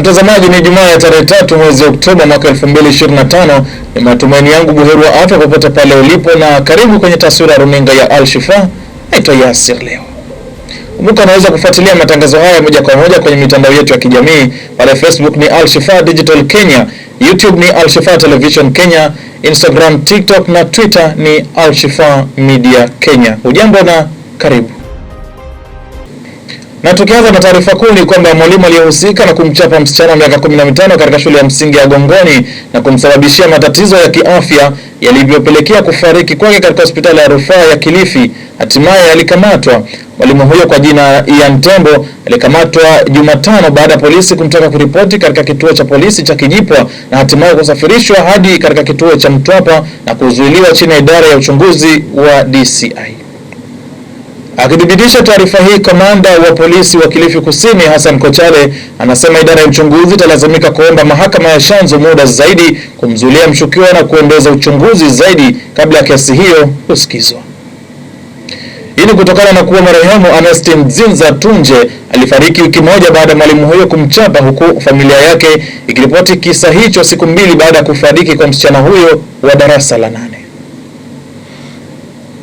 Mtazamaji, ni Jumaa ya tarehe tatu mwezi Oktoba mwaka 2025. Ni matumaini yangu buheri wa afya popote pale ulipo, na karibu kwenye taswira ya runinga ya Al Shifa. Naitwa Yasir leo. Kumbuka unaweza kufuatilia matangazo haya moja kwa moja kwenye mitandao yetu ya kijamii pale Facebook ni Al Shifa Digital Kenya, YouTube ni Al Shifa Television Kenya, Instagram, TikTok na Twitter ni Al Shifa Media Kenya. Ujambo na karibu. Na tukianza na taarifa kuu ni kwamba mwalimu aliyehusika na kumchapa msichana wa miaka 15 katika shule ya msingi ya Gongoni na kumsababishia matatizo ya kiafya yalivyopelekea kufariki kwake katika hospitali ya rufaa ya Kilifi hatimaye alikamatwa. Mwalimu huyo kwa jina Ian Tembo alikamatwa Jumatano baada ya polisi kumtaka kuripoti katika kituo cha polisi cha Kijipwa na hatimaye kusafirishwa hadi katika kituo cha Mtwapa na kuzuiliwa chini ya idara ya uchunguzi wa DCI. Akithibitisha taarifa hii, kamanda wa polisi wa Kilifi Kusini Hassan Kochale anasema idara ya uchunguzi italazimika kuomba mahakama ya Shanzu muda zaidi kumzulia mshukiwa na kuendeza uchunguzi zaidi kabla ya kesi hiyo kusikizwa. Hii ni kutokana na kuwa marehemu Anesti zinza Tunje alifariki wiki moja baada ya mwalimu huyo kumchapa, huku familia yake ikiripoti kisa hicho siku mbili baada ya kufariki kwa msichana huyo wa darasa la nane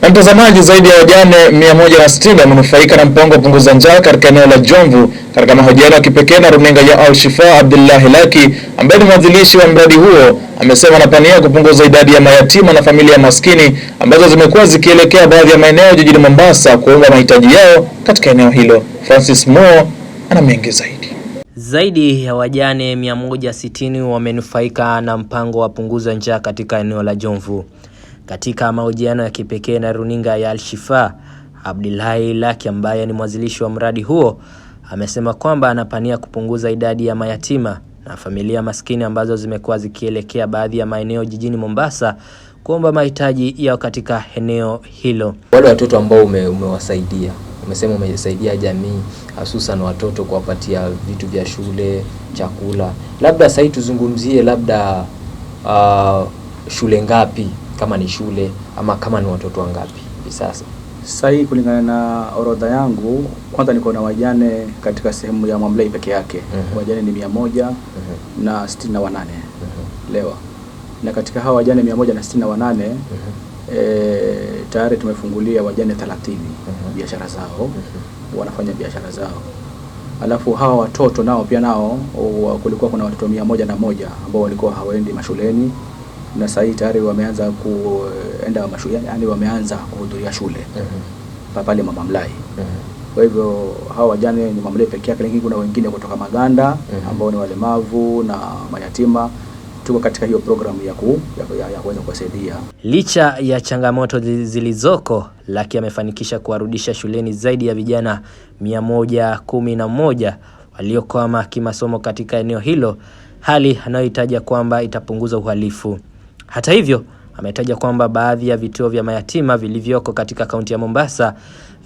mtazamaji, zaidi ya wajane 160 wamenufaika na mpango wa punguza njaa katika eneo la Jomvu. Katika mahojiano ya kipekee na runinga ya Al Shifa, Abdullahi Laki ambaye ni mwanzilishi wa mradi huo amesema anapania kupunguza idadi ya mayatima na familia maskini ambazo zimekuwa zikielekea baadhi ya maeneo jijini Mombasa kuunga mahitaji yao katika eneo hilo. Francis Mo ana mengi zaidi. Zaidi ya wajane 160 wamenufaika na mpango wa punguza njaa katika eneo la Jomvu. Katika mahojiano ya kipekee na runinga ya Al-Shifaa, Abdullahi Laki ambaye ni mwanzilishi wa mradi huo amesema kwamba anapania kupunguza idadi ya mayatima na familia maskini ambazo zimekuwa zikielekea baadhi ya maeneo jijini Mombasa kuomba mahitaji yao katika eneo hilo. Wale watoto ambao ume, umewasaidia umesema umesaidia jamii hususan watoto kuwapatia vitu vya shule, chakula, labda sasa tuzungumzie labda uh, shule ngapi kama ni shule ama kama ni watoto wangapi hivi sasa? Sasa hii kulingana na orodha yangu, kwanza niko na wajane katika sehemu ya Mwamlei peke yake mm -hmm. wajane ni mia moja uh na sitini na wanane uh na katika hawa wajane mia moja na sitini na wanane uh e, tayari tumefungulia wajane thelathini mm -hmm. biashara zao mm -hmm. wanafanya biashara zao alafu hawa watoto nao pia nao kulikuwa kuna watoto mia moja na moja ambao walikuwa hawaendi mashuleni na sasa tayari wameanza kuenda mashule, yani wameanza kuhudhuria shule mm -hmm. pale Mama Mlai uh Kwa hivyo hawa wajane ni Mama Mlai pekee yake, lakini kuna wengine kutoka Maganda mm -hmm. ambao ni walemavu na mayatima tuko katika hiyo programu ya, ku, ya, ya, ya kuweza kuwasaidia. Licha ya changamoto zilizoko, Lucky amefanikisha kuwarudisha shuleni zaidi ya vijana moja waliokwama kimasomo katika eneo hilo, hali anayohitaja kwamba itapunguza uhalifu. Hata hivyo, ametaja kwamba baadhi ya vituo vya mayatima vilivyoko katika kaunti ya Mombasa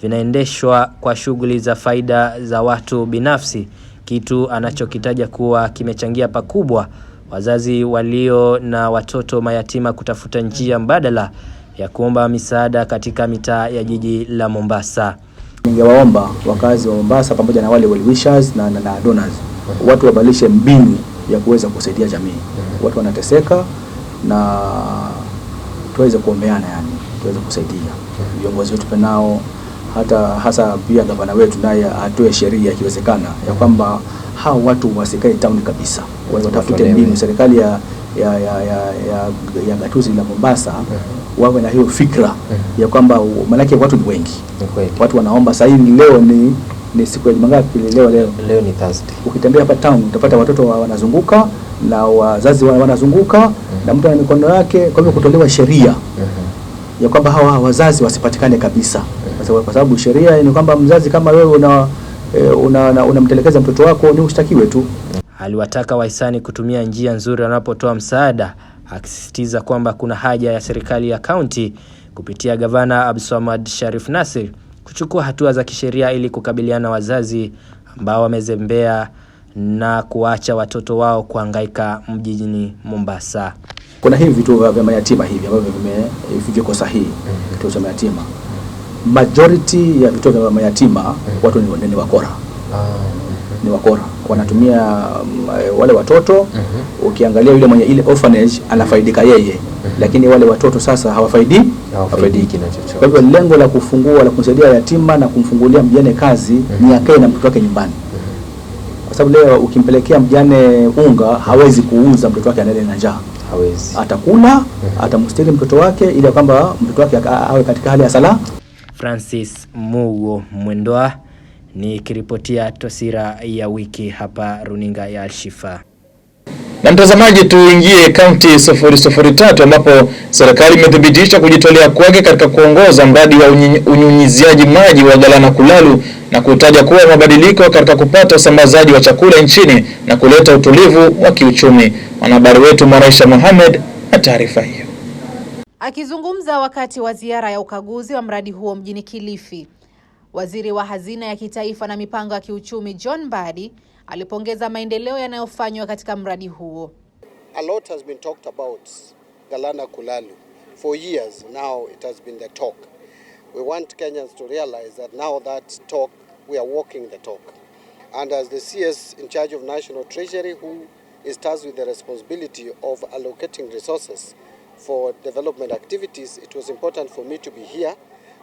vinaendeshwa kwa shughuli za faida za watu binafsi, kitu anachokitaja kuwa kimechangia pakubwa wazazi walio na watoto mayatima kutafuta njia mbadala ya kuomba misaada katika mitaa ya jiji la Mombasa. Ningewaomba wakazi wa Mombasa pamoja na wale well wishers na, na, na donors watu wabadilishe mbinu ya kuweza kusaidia jamii. Watu wanateseka na tuweze kuombeana, yani tuweze kusaidia viongozi wetu penao hata hasa pia gavana wetu naye atoe sheria ikiwezekana ya kwamba hao watu wasikae town kabisa, watafute mbinu. Serikali ya, ya, ya, ya, ya gatuzi la Mombasa mm-hmm. wawe na hiyo fikra ya kwamba, maanake watu ni wengi, watu wanaomba sasa hivi leo ni ni siku ya Jumangapi? Leo leo leo ni Thursday. Ukitembea hapa town utapata watoto wa wanazunguka na wazazi wa wanazunguka mm -hmm. na mtu ana mikono yake, kwa hivyo kutolewa sheria mm -hmm. ya kwamba hawa wazazi wasipatikane kabisa mm -hmm. kwa sababu sheria ni kwamba mzazi kama wewe una unamtelekeza eh, una, una mtoto wako ni ushtakiwe tu. Aliwataka wahisani kutumia njia nzuri wanapotoa msaada, akisisitiza kwamba kuna haja ya serikali ya kaunti kupitia gavana Abdulswamad Sharif Nassir kuchukua hatua za kisheria ili kukabiliana wazazi ambao wamezembea na kuacha watoto wao kuhangaika mjini Mombasa. Kuna hivi vituo vya mayatima hivi ambavyo vimefikia kwa sahihi mm vya Kituo cha mayatima majority ya vituo vya mayatima watu ni, ni wakora ni wakora wanatumia mm, wale watoto mhm. Ukiangalia yule mwenye ile orphanage anafaidika yeye lakini wale watoto sasa hawafaidi hawafaidiki. Kwa hivyo lengo la kufungua la kumsaidia yatima na kumfungulia mjane kazi ni mhm. akae na mtoto wake nyumbani, mhm. kwa sababu leo ukimpelekea mjane unga hawezi kuuza, mtoto wake anaenda na njaa, hawezi atakula, mhm. atamstiri mtoto wake ili kwamba mtoto wake awe katika hali ya sala. Francis Mugo Mwendwa kiripotia Tosira ya wiki hapa runinga ya Alshifa. Na mtazamaji, tuingie kaunti 003 ambapo serikali imethibitisha kujitolea kwake katika kuongoza mradi wa unyunyiziaji maji wa Galana Kulalu na kutaja kuwa mabadiliko katika kupata usambazaji wa chakula nchini na kuleta utulivu wa kiuchumi. Mwanahabari wetu Mwanaisha Mohamed na taarifa hiyo. Akizungumza wakati wa ziara ya ukaguzi wa mradi huo mjini Kilifi, Waziri wa Hazina ya Kitaifa na Mipango ya Kiuchumi John Mbadi alipongeza maendeleo yanayofanywa katika mradi huo. A lot has been talked about Galana Kulalu. For years now it has been the talk. We want Kenyans to realize that now that talk we are walking the talk. And as the CS in charge of National Treasury who is tasked with the responsibility of allocating resources for development activities, it was important for me to be here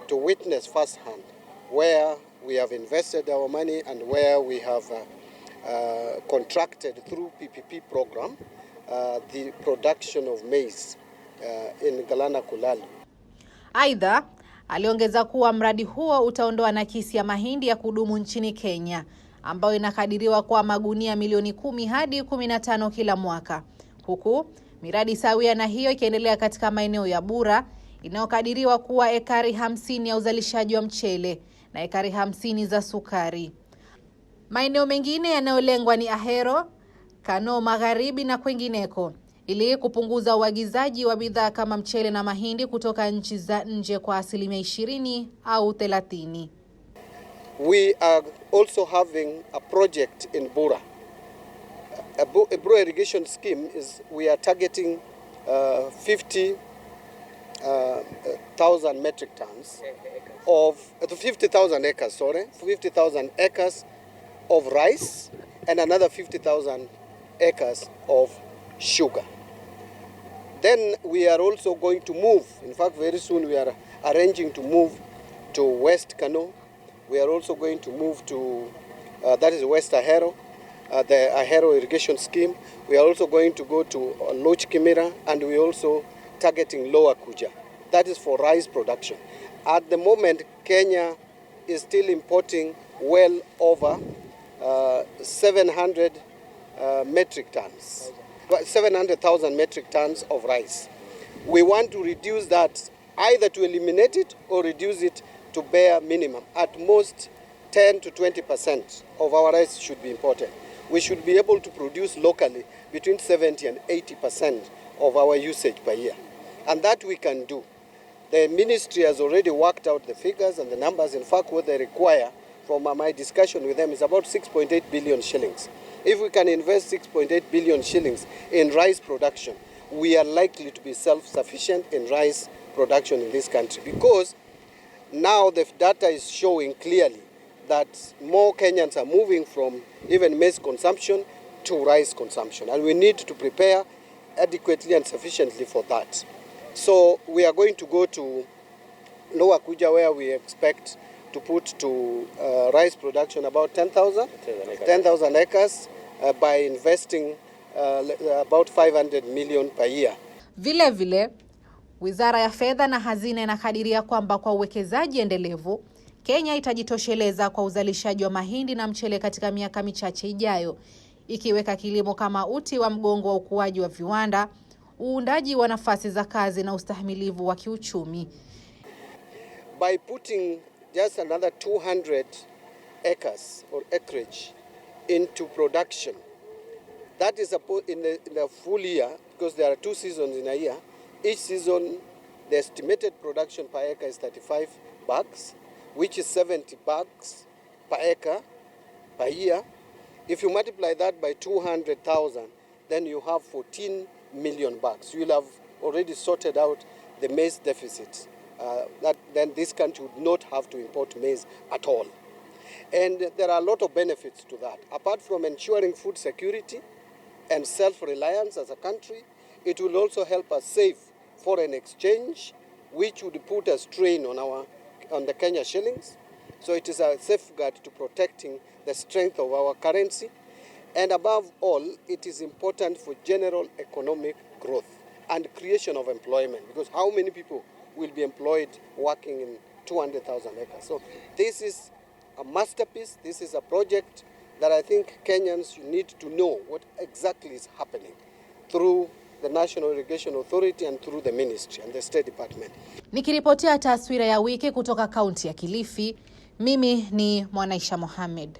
to witness firsthand where we have invested our money and where we have uh, Uh, contracted through PPP program uh, the production of maize uh, in Galana Kulali. Aidha, aliongeza kuwa mradi huo utaondoa nakisi ya mahindi ya kudumu nchini Kenya ambayo inakadiriwa kwa magunia milioni kumi hadi 15 kila mwaka, huku miradi sawia na hiyo ikiendelea katika maeneo ya Bura inayokadiriwa kuwa ekari 50 ya uzalishaji wa mchele na ekari 50 za sukari. Maeneo mengine yanayolengwa ni Ahero, Kano Magharibi na kwengineko ili kupunguza uagizaji wa bidhaa kama mchele na mahindi kutoka nchi za nje kwa asilimia 20 au 30. We are also having a project in Bura. A, a Bura irrigation scheme is we are targeting uh, 50 uh, metric tons of uh, 50,000 acres, sorry, 50,000 acres of rice and another 50,000 acres of sugar. Then we are also going to move. In fact, very soon we are arranging to move to West Kano. We are also going to move to, uh, that is West Ahero, uh, the Ahero irrigation scheme. We are also going to go to uh, Loch Kimira and we are also targeting Lower Kuja. That is for rice production. At the moment, Kenya is still importing well over uh, 700 uh, metric tons, 700,000 metric tons of rice. We want to reduce that either to eliminate it or reduce it to bare minimum. At most 10 to 20 percent of our rice should be imported. We should be able to produce locally between 70 and 80 percent of our usage per year. And that we can do. The ministry has already worked out the figures and the numbers, in fact, what they require from my discussion with them is about 6.8 billion shillings. If we can invest 6.8 billion shillings in rice production, we are likely to be self-sufficient in rice production in this country because now the data is showing clearly that more Kenyans are moving from even maize consumption to rice consumption and we need to prepare adequately and sufficiently for that. So we are going to go to Lower Kuja where we expect to put to uh, rice production about 10,000 10,000 acres 10, acres uh, by investing uh, uh about 500 million per year. Vile vile, Wizara ya Fedha na Hazina inakadiria kwamba kwa uwekezaji endelevu, Kenya itajitosheleza kwa uzalishaji wa mahindi na mchele katika miaka michache ijayo, ikiweka kilimo kama uti wa mgongo wa ukuaji wa viwanda, uundaji wa nafasi za kazi na ustahimilivu wa kiuchumi. By putting just another 200 acres or acreage into production. That is in the, in the full year because there are two seasons in a year. Each season, the estimated production per acre is 35 bags, which is 70 bags per acre per year. If you multiply that by 200,000, then you have 14 million bags. You'll have already sorted out the maize deficit uh, that then this country would not have to import maize at all. And there are a lot of benefits to that. Apart from ensuring food security and self-reliance as a country, it will also help us save foreign exchange, which would put a strain on our on the Kenya shillings. So it is a safeguard to protecting the strength of our currency. And above all, it is important for general economic growth and creation of employment because how many people will be employed working in 200,000 acres. So this is a masterpiece. This is a project that I think Kenyans need to know what exactly is happening through the National Irrigation Authority and through the ministry and the State Department. Nikiripotia taswira ya wiki kutoka kaunti ya Kilifi, mimi ni Mwanaisha Mohamed.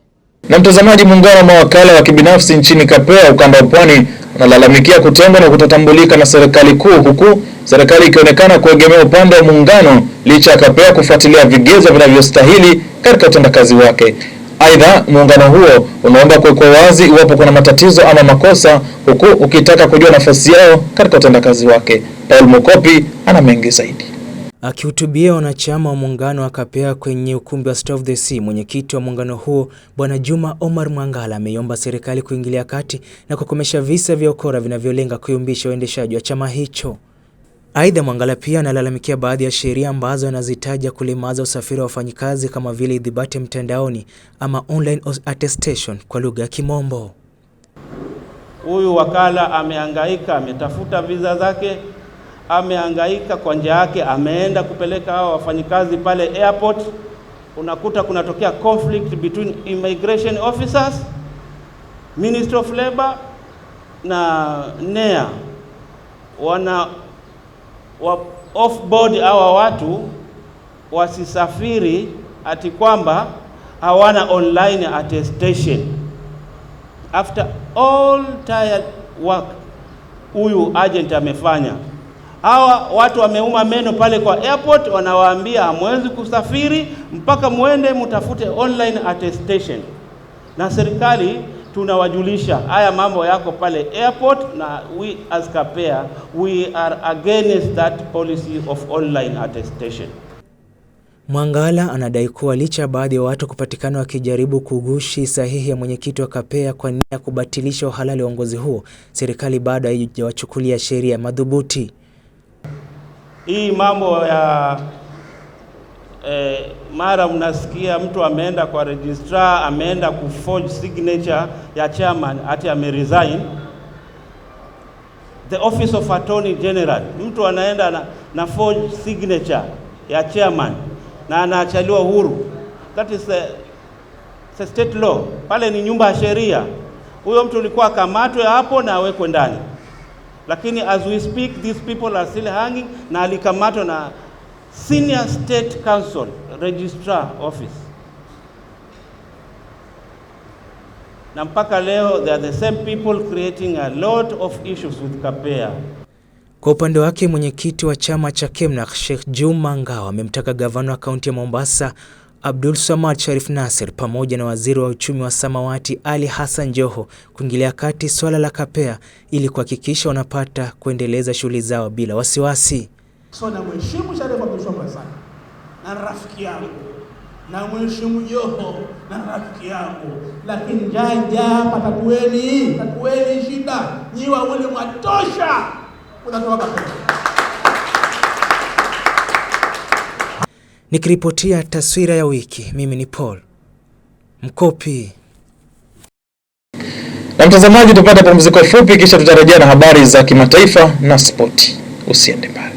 Na mtazamaji, muungano wa mawakala wa kibinafsi nchini Kapea ukanda wa Pwani nalalamikia kutengwa na kutotambulika na serikali kuu, huku serikali ikionekana kuegemea upande wa muungano licha ya Kapea kufuatilia vigezo vinavyostahili katika utendakazi wake. Aidha, muungano huo unaomba kuwekwa wazi iwapo kuna matatizo ama makosa, huku ukitaka kujua nafasi yao katika utendakazi wake. Paul Mokopi ana mengi zaidi. Akihutubia wanachama wa muungano wa Kapea kwenye ukumbi wa State of the Sea, mwenyekiti wa muungano huo Bwana Juma Omar Mwangala ameiomba serikali kuingilia kati na kukomesha visa vya ukora vinavyolenga kuyumbisha uendeshaji wa chama hicho. Aidha, Mwangala pia analalamikia baadhi ya sheria ambazo anazitaja kulemaza usafiri wa wafanyikazi kama vile idhibati mtandaoni ama online attestation kwa lugha ya Kimombo. Huyu wakala ameangaika ametafuta visa zake amehangaika kwa njia yake, ameenda kupeleka hao wafanyikazi pale airport, unakuta kunatokea conflict between immigration officers, Minister of labor na NEA wana wa off board hawa watu wasisafiri ati kwamba hawana online attestation. After all tired work huyu agent amefanya Hawa watu wameuma meno pale kwa airport, wanawaambia hamwezi kusafiri mpaka muende mtafute online attestation. Na serikali tunawajulisha haya mambo yako pale airport, na we as Kapea we are against that policy of online attestation. Mwangala anadai kuwa licha ya baadhi ya watu kupatikana wakijaribu kugushi sahihi ya mwenyekiti wa kapea kwa nia ya kubatilisha uhalali wa uongozi huo, serikali bado haijawachukulia sheria madhubuti. Hii mambo ya eh, mara mnasikia mtu ameenda kwa registrar, ameenda kuforge signature ya chairman ati ameresign the office of attorney general. Mtu anaenda na, na forge signature ya chairman na anaachaliwa huru. That is a, eh, a state law. Pale ni nyumba ya sheria. Huyo mtu ulikuwa akamatwe hapo na awekwe ndani lakini as we speak these people are still hanging, na alikamatwa na Senior State Council Registrar Office, na mpaka leo they are the same people creating a lot of issues with Kapea. Kwa upande wake mwenyekiti wa chama cha Kemnak Sheikh Juma Ngao amemtaka gavana wa kaunti ya Mombasa Abdul Samad Sharif nasir pamoja na waziri wa uchumi wa samawati Ali Hassan Joho kuingilia kati swala la Kapea ili kuhakikisha wanapata kuendeleza shughuli zao bila wasiwasi. So na mheshimu Sharif Abdul Samad sana na rafiki yangu na mheshimu Joho na rafiki yangu, lakini njanja hapa tatueni, tatueni shida, nyi wawili mwatosha, unatoka Kapea Nikiripotia taswira ya wiki, mimi ni Paul Mkopi. Na mtazamaji, tupate pumziko fupi, kisha tutarejea na habari za kimataifa na spoti. Usiende mbali.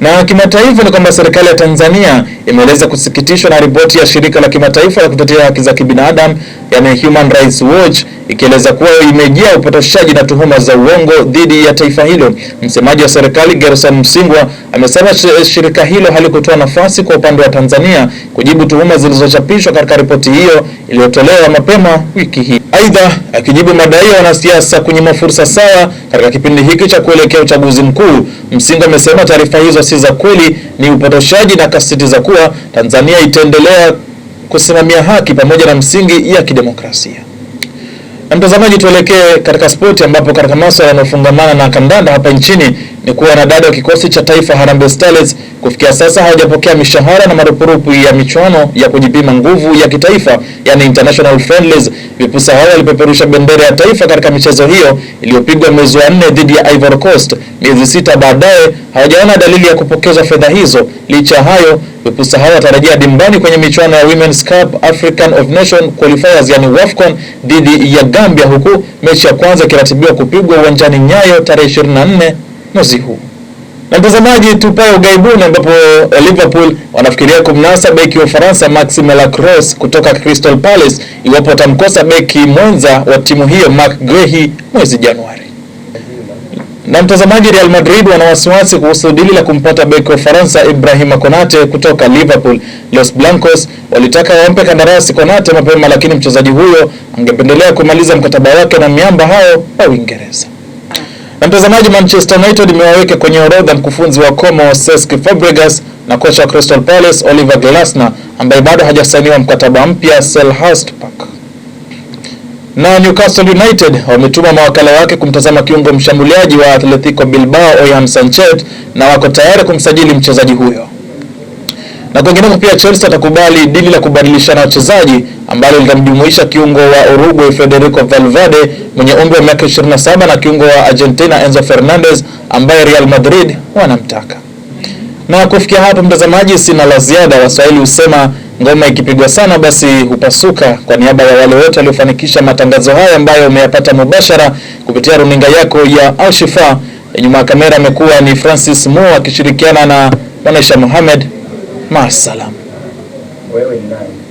Na kimataifa ni kwamba serikali ya Tanzania imeeleza kusikitishwa na ripoti ya shirika la kimataifa la kutetea haki za kibinadamu, yaani Human Rights Watch ikieleza kuwa imejaa upotoshaji na tuhuma za uongo dhidi ya taifa hilo. Msemaji wa serikali Gerson Msingwa amesema shirika hilo halikutoa nafasi kwa upande wa Tanzania kujibu tuhuma zilizochapishwa katika ripoti hiyo iliyotolewa mapema wiki hii. Aidha, akijibu madai ya wanasiasa kunyima fursa sawa katika kipindi hiki cha kuelekea uchaguzi mkuu, Msingwa amesema taarifa hizo si za kweli, ni upotoshaji na kasitiza kuwa Tanzania itaendelea kusimamia haki pamoja na msingi ya kidemokrasia. Na mtazamaji, tuelekee katika spoti ambapo katika masuala yanayofungamana na kandanda hapa nchini ni kuwa wanadada wa kikosi cha taifa Harambee Starlets kufikia sasa hawajapokea mishahara na marupurupu ya michuano ya kujipima nguvu ya kitaifa, yani international friendlies Vipusa hao walipeperusha bendera ya taifa katika michezo hiyo iliyopigwa mwezi wa nne dhidi ya Ivory Coast. Miezi sita baadaye hawajaona dalili ya kupokezwa fedha hizo. Licha ya hayo, vipusa hao watarajia dimbani kwenye michuano ya Women's Cup African of Nation Qualifiers, yani WAFCON dhidi ya Gambia, huku mechi ya kwanza ikiratibiwa kupigwa uwanjani Nyayo tarehe 24 mwezi huu. Na mtazamaji, tupae ugaibuni ambapo eh, Liverpool wanafikiria kumnasa beki wa Ufaransa Maxime Lacroix kutoka Crystal Palace iwapo watamkosa beki mwenza wa timu hiyo Marc Guehi mwezi Januari. Na mtazamaji, Real Madrid wana wasiwasi kuhusu dili la kumpata beki wa Ufaransa Ibrahima Konate kutoka Liverpool. Los Blancos walitaka wampe kandarasi Konate mapema, lakini mchezaji huyo angependelea kumaliza mkataba wake na miamba hao wa Uingereza. Na mtazamaji, Manchester United imewaweka kwenye orodha mkufunzi wa Como Cesc Fabregas na kocha wa Crystal Palace Oliver Glasner ambaye bado hajasainiwa mkataba mpya Selhurst Park. Na Newcastle United wametuma mawakala wake kumtazama kiungo mshambuliaji wa Atletico Bilbao Oyan Sanchez na wako tayari kumsajili mchezaji huyo. Na kwingineko pia Chelsea atakubali dili la kubadilishana wachezaji ambalo litamjumuisha kiungo wa Uruguay Federico Valverde mwenye umri wa miaka 27 na kiungo wa Argentina Enzo Fernandez ambaye Real Madrid wanamtaka. Na kufikia hapo, mtazamaji, sina la ziada. Waswahili husema ngoma ikipigwa sana basi hupasuka. Kwa niaba ya wale wote waliofanikisha matangazo haya ambayo umeyapata mubashara kupitia runinga yako ya Al nyuma ya kamera amekuwa ni Francis Mo akishirikiana na Mwanaisha Mohamed. Maasalam. Wewe ni nani?